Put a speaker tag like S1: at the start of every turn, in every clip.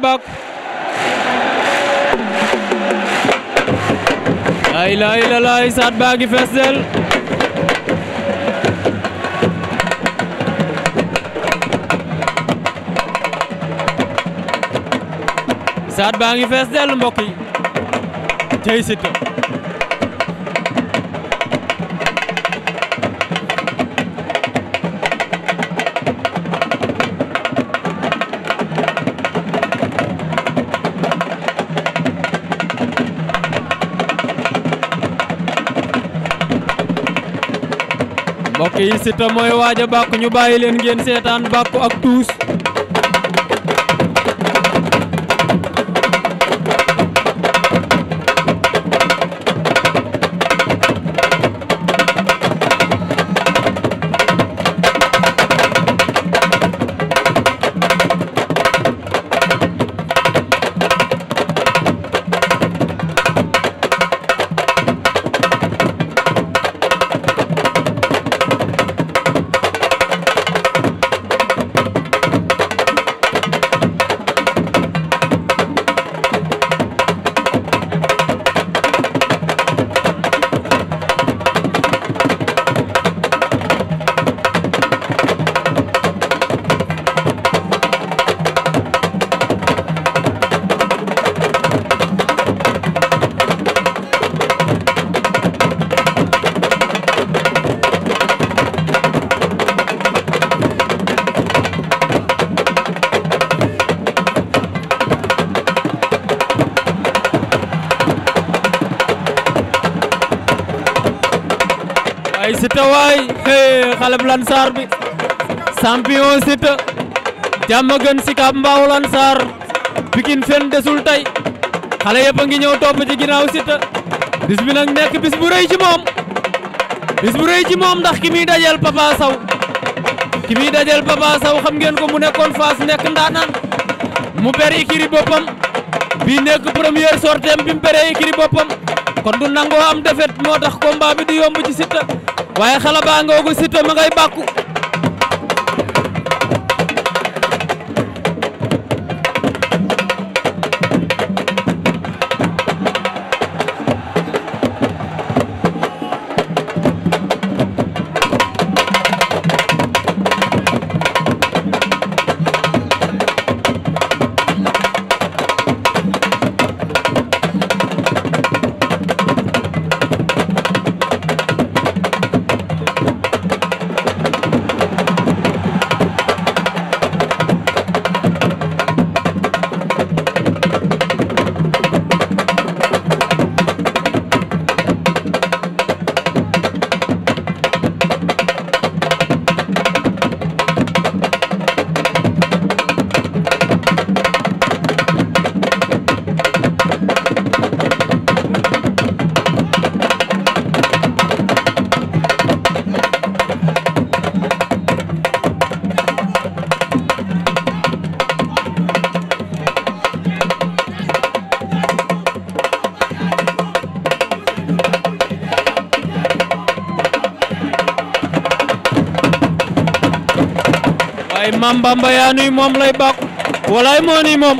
S1: back. ay la ay la laay saat baa ngi fees
S2: del saat baa ngi fees del mbokk yi tey Siteu
S3: mbokk yi Siteu mooy waaja a bàkku ñu bàyyi leen ngeen seetaan
S4: bàkku ak tuus
S5: ay Siteu waay xale bu Lansar bi champion Siteu jàmm gën si Kaab Mbaaw Lansar Pikine fen desul tey xale yëpp a ngi ñëw topp ci ginnaaw Siteu bis bi nag nekk bis bu rëy ci moom bu rëy ci moom ndax ki muy dajeel Papa Sow ki muy dajeel Papa Sow xam ngeen ko mu nekkoon Fass nekk ndaanaan mu bere ikiri boppam bi nekk première sortie bi mu bere ikiri boppam kon du nangoo am defet moo tax combat bi du yomb ci Siteu waaye xala baa ngoogu Siteu ma ngay bàkku
S4: Mame Bamba yaa nuy moom lay bàkku walaay moo nuy moom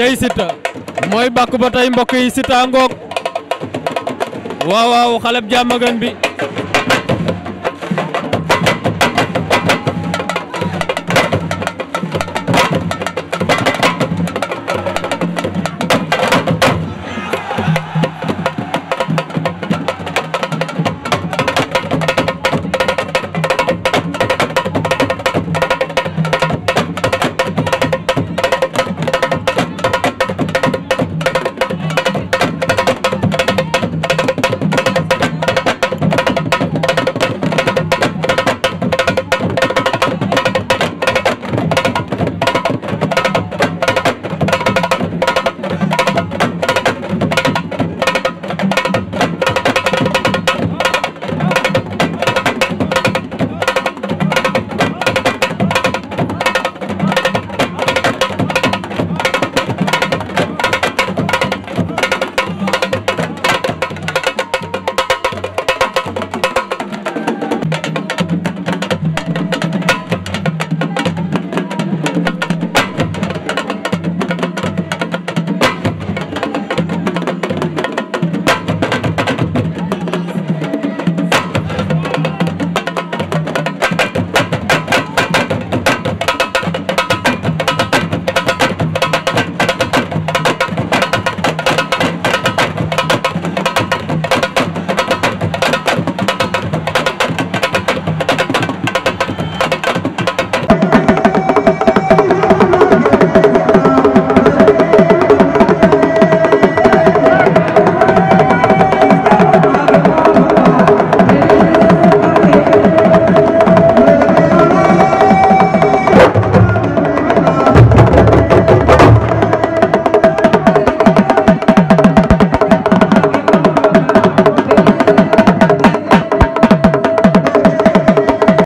S2: cey Siteu
S6: mooy bàkk ba tey mbokk yi Siteu ngoog waaw waaw xaleb jàmmagan bi